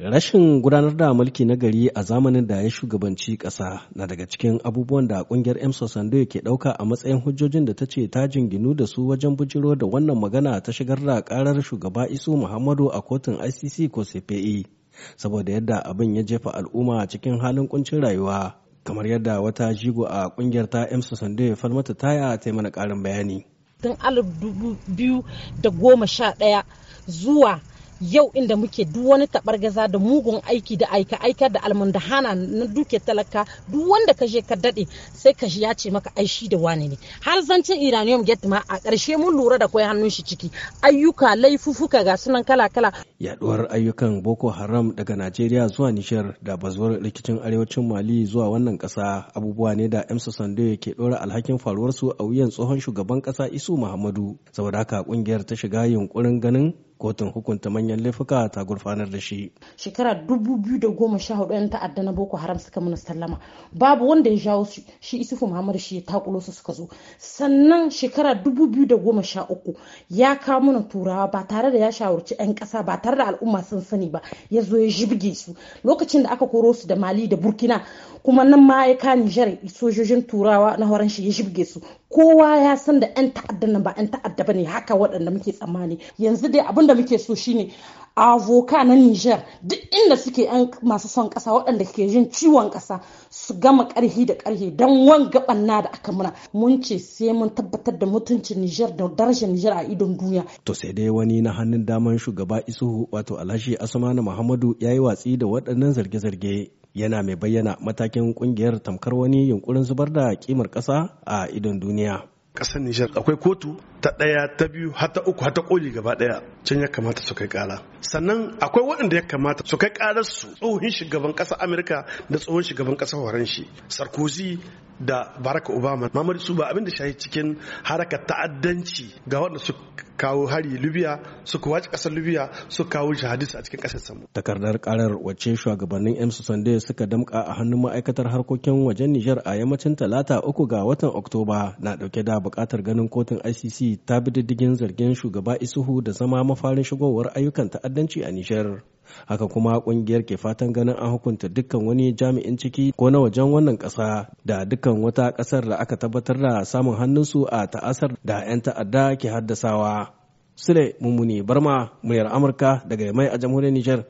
Rashin gudanar da mulki na gari a zamanin da ya shugabanci ƙasa na daga cikin abubuwan da ƙungiyar Emso Sandoyo ke ɗauka a matsayin hujjojin da ta ce ta jinginu da su wajen bujiro da wannan magana ta shigar da karar shugaba Isu Muhammadu a kotun ICC ko CPE. Saboda yadda abin ya jefa al'umma cikin halin kuncin rayuwa, kamar yadda wata jigo a ƙungiyar ta Emso ya Falmata Taya ta yi mana ƙarin bayani. Tun alif dubu biyu da goma sha ɗaya zuwa yau inda muke duk wani gaza da mugun aiki da aika aika da almundahana na duke talaka duk wanda ka je ka dade sai ka ya ce maka ai shi da wani ne har zancen iranium get ma a ƙarshe mun lura da kai hannun shi ciki ayyuka laifufuka ga sunan kala kala yaduwar ayyukan boko haram daga najeriya zuwa nishar da bazuwar rikicin arewacin mali zuwa wannan ƙasa abubuwa ne da emsa sande ke dora alhakin faruwar su a wuyan tsohon shugaban ƙasa isu muhammadu saboda haka ƙungiyar ta shiga yunkurin ganin kotun hukunta manyan laifuka ta gurfanar da shi shekara 2014 'yan ta'adda na boko haram suka mana sallama babu wanda ya jawo shi isufu muhammad shi ya takulo su suka zo sannan shekara uku ya kawo mana turawa ba tare da ya shawarci 'yan ƙasa ba tare da al'umma sun sani ba ya zo ya jibge su lokacin da aka koro su da mali da burkina kuma nan ma ya ka nijar sojojin turawa na horon shi ya jibge su kowa ya san da 'yan ta'adda nan ba 'yan ta'adda ba ne haka waɗanda muke tsammani yanzu dai abin da muke so shine avoka na Niger duk inda suke yan masu son kasa waɗanda ke jin ciwon kasa su gama karhi da karhi don wanga banna da aka muna mun ce sai mun tabbatar da mutuncin Niger da darajar Niger a idon duniya. To sai dai wani na hannun daman shugaba Isuhu wato Alhaji Asmanu Muhammadu ya yi watsi da waɗannan zarge-zarge yana mai bayyana matakin kungiyar tamkar wani yunkurin zubar da kimar ƙasa a idon duniya. ƙasar Nijar akwai kotu ta ɗaya ta biyu har ta uku har ta koli gaba ɗaya can ya kamata su kai ƙara sannan akwai waɗanda ya kamata su kai ƙarar su tsohon shugaban ƙasar Amurka da tsohon shugaban ƙasar shi Sarkozy da Barack Obama Mamadu ba abin da shayi cikin harakar ta'addanci ga waɗanda su kawo hari libya kuwa ci kasar libya su kawo jihadis a cikin kasar samu takardar karar wacce shugabannin yan sande suka damka a hannun ma'aikatar harkokin wajen niger a yammacin talata uku ga watan oktoba na dauke da bukatar ganin kotun icc ta bi diddigin zargin shugaba isuhu da zama mafarin shigowar ayyukan ta'addanci a niger. haka kuma kungiyar ke fatan ganin an hukunta dukkan wani jami'in ciki ko na wajen wannan kasa da dukkan wata kasar da aka tabbatar da samun hannunsu a ta'asar da 'yan ta'adda ke haddasawa sule mummuni barma muryar amurka daga mai a jamhuriyar Nijar.